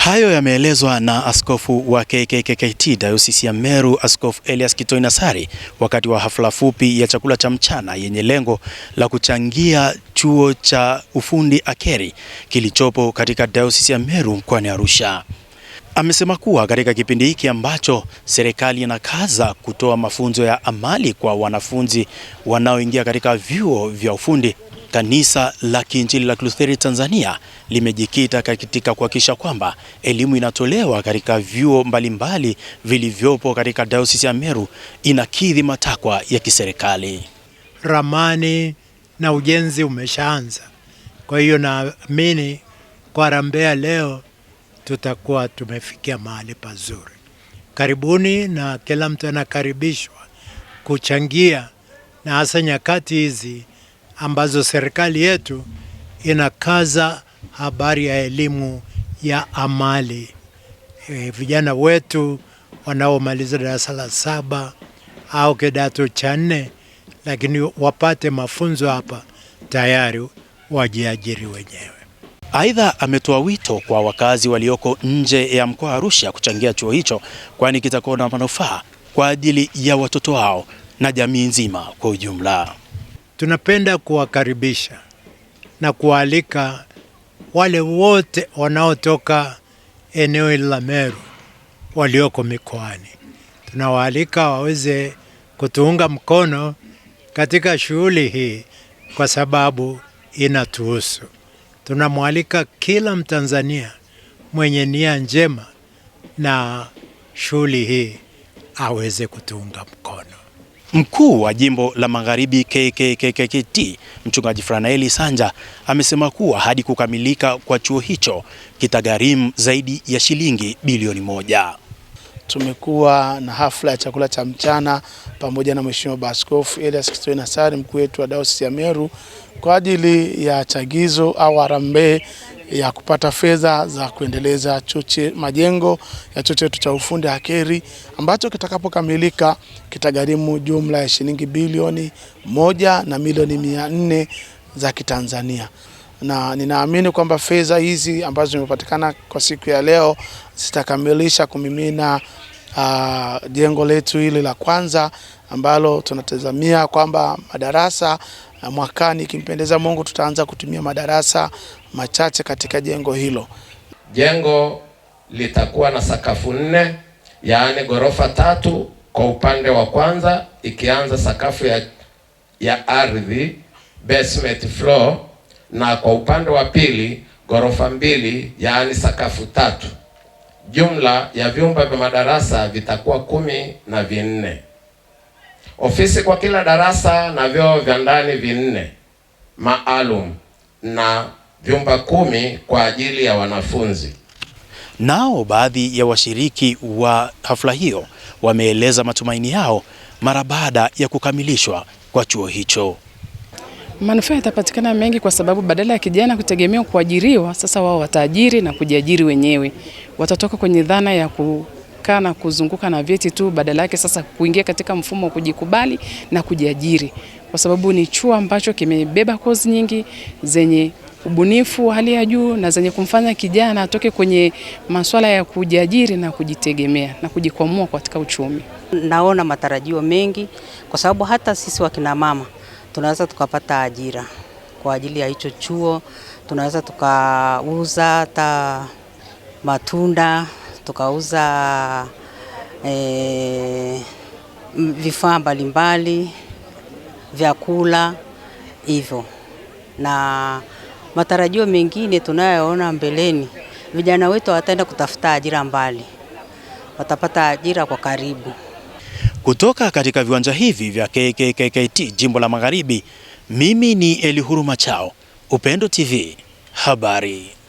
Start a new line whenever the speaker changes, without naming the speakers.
Hayo yameelezwa na askofu wa KKKKT Dayosisi ya Meru, Askofu Elias Kitoi Nasari wakati wa hafla fupi ya chakula cha mchana yenye lengo la kuchangia chuo cha ufundi Akeri kilichopo katika Dayosisi ya Meru mkoani Arusha. Amesema kuwa katika kipindi hiki ambacho serikali inakaza kutoa mafunzo ya amali kwa wanafunzi wanaoingia katika vyuo vya ufundi Kanisa la Kiinjili la Kilutheri Tanzania limejikita katika kuhakikisha kwamba elimu inatolewa katika vyuo mbalimbali vilivyopo katika Dayosisi ya Meru inakidhi matakwa ya kiserikali.
Ramani na ujenzi umeshaanza, kwa hiyo naamini kwa Rambea leo tutakuwa tumefikia mahali pazuri. Karibuni na kila mtu anakaribishwa kuchangia, na hasa nyakati hizi ambazo serikali yetu inakaza habari ya elimu ya amali. E, vijana wetu wanaomaliza darasa la saba au kidato cha nne, lakini wapate mafunzo hapa tayari wajiajiri wenyewe.
Aidha, ametoa wito kwa wakazi walioko nje ya mkoa wa Arusha kuchangia chuo hicho, kwani kitakuwa na manufaa kwa ajili ya watoto wao na jamii nzima kwa ujumla.
Tunapenda kuwakaribisha na kuwaalika wale wote wanaotoka eneo hili la Meru walioko mikoani. Tunawaalika waweze kutuunga mkono katika shughuli hii kwa sababu inatuhusu. Tunamwalika kila Mtanzania mwenye nia njema na shughuli hii aweze kutuunga mkono.
Mkuu wa jimbo la Magharibi KKKKT Mchungaji Franaeli Sanja amesema kuwa hadi kukamilika kwa chuo hicho kitagharimu zaidi ya shilingi bilioni moja.
Tumekuwa na hafla ya chakula cha mchana pamoja na Mheshimiwa Baskofu Elias Kistoi Nasari, mkuu wetu wa Dayosisi ya Meru, kwa ajili ya chagizo au harambee ya kupata fedha za kuendeleza choche, majengo ya chuo chetu cha ufundi Hakeri ambacho kitakapokamilika kitagharimu jumla ya shilingi bilioni moja na milioni mia nne za Kitanzania na ninaamini kwamba fedha hizi ambazo zimepatikana kwa siku ya leo zitakamilisha kumimina uh, jengo letu hili la kwanza ambalo tunatazamia kwamba madarasa eh, mwakani, ikimpendeza Mungu, tutaanza kutumia madarasa machache katika jengo hilo.
Jengo litakuwa na sakafu nne, yaani ghorofa tatu kwa upande wa kwanza, ikianza sakafu ya, ya ardhi basement floor, na kwa upande wa pili ghorofa mbili, yaani sakafu tatu. Jumla ya vyumba vya madarasa vitakuwa kumi na vinne ofisi kwa kila darasa na vyoo vya ndani vinne maalum na vyumba kumi kwa ajili ya wanafunzi.
Nao baadhi ya washiriki wa hafla hiyo wameeleza matumaini yao mara baada ya kukamilishwa kwa chuo hicho.
Manufaa yatapatikana mengi kwa sababu badala ya kijana kutegemea kuajiriwa, sasa wao wataajiri na kujiajiri wenyewe, watatoka kwenye dhana ya kukaa na kuzunguka na vyeti tu, badala yake sasa kuingia katika mfumo wa kujikubali na kujiajiri, kwa sababu ni chuo ambacho kimebeba kozi nyingi zenye ubunifu wa hali ya juu na zenye kumfanya kijana atoke kwenye masuala ya kujiajiri na kujitegemea na kujikwamua katika uchumi.
Naona matarajio mengi kwa sababu hata sisi wakina mama tunaweza tukapata ajira kwa ajili ya hicho chuo, tunaweza tukauza hata matunda tukauza e, vifaa mbalimbali, vyakula hivyo, na matarajio mengine tunayoona mbeleni, vijana wetu wataenda kutafuta ajira mbali, watapata ajira kwa karibu.
Kutoka katika viwanja hivi vya KKKT Jimbo la Magharibi, mimi ni Elihuru Machao, Upendo TV habari.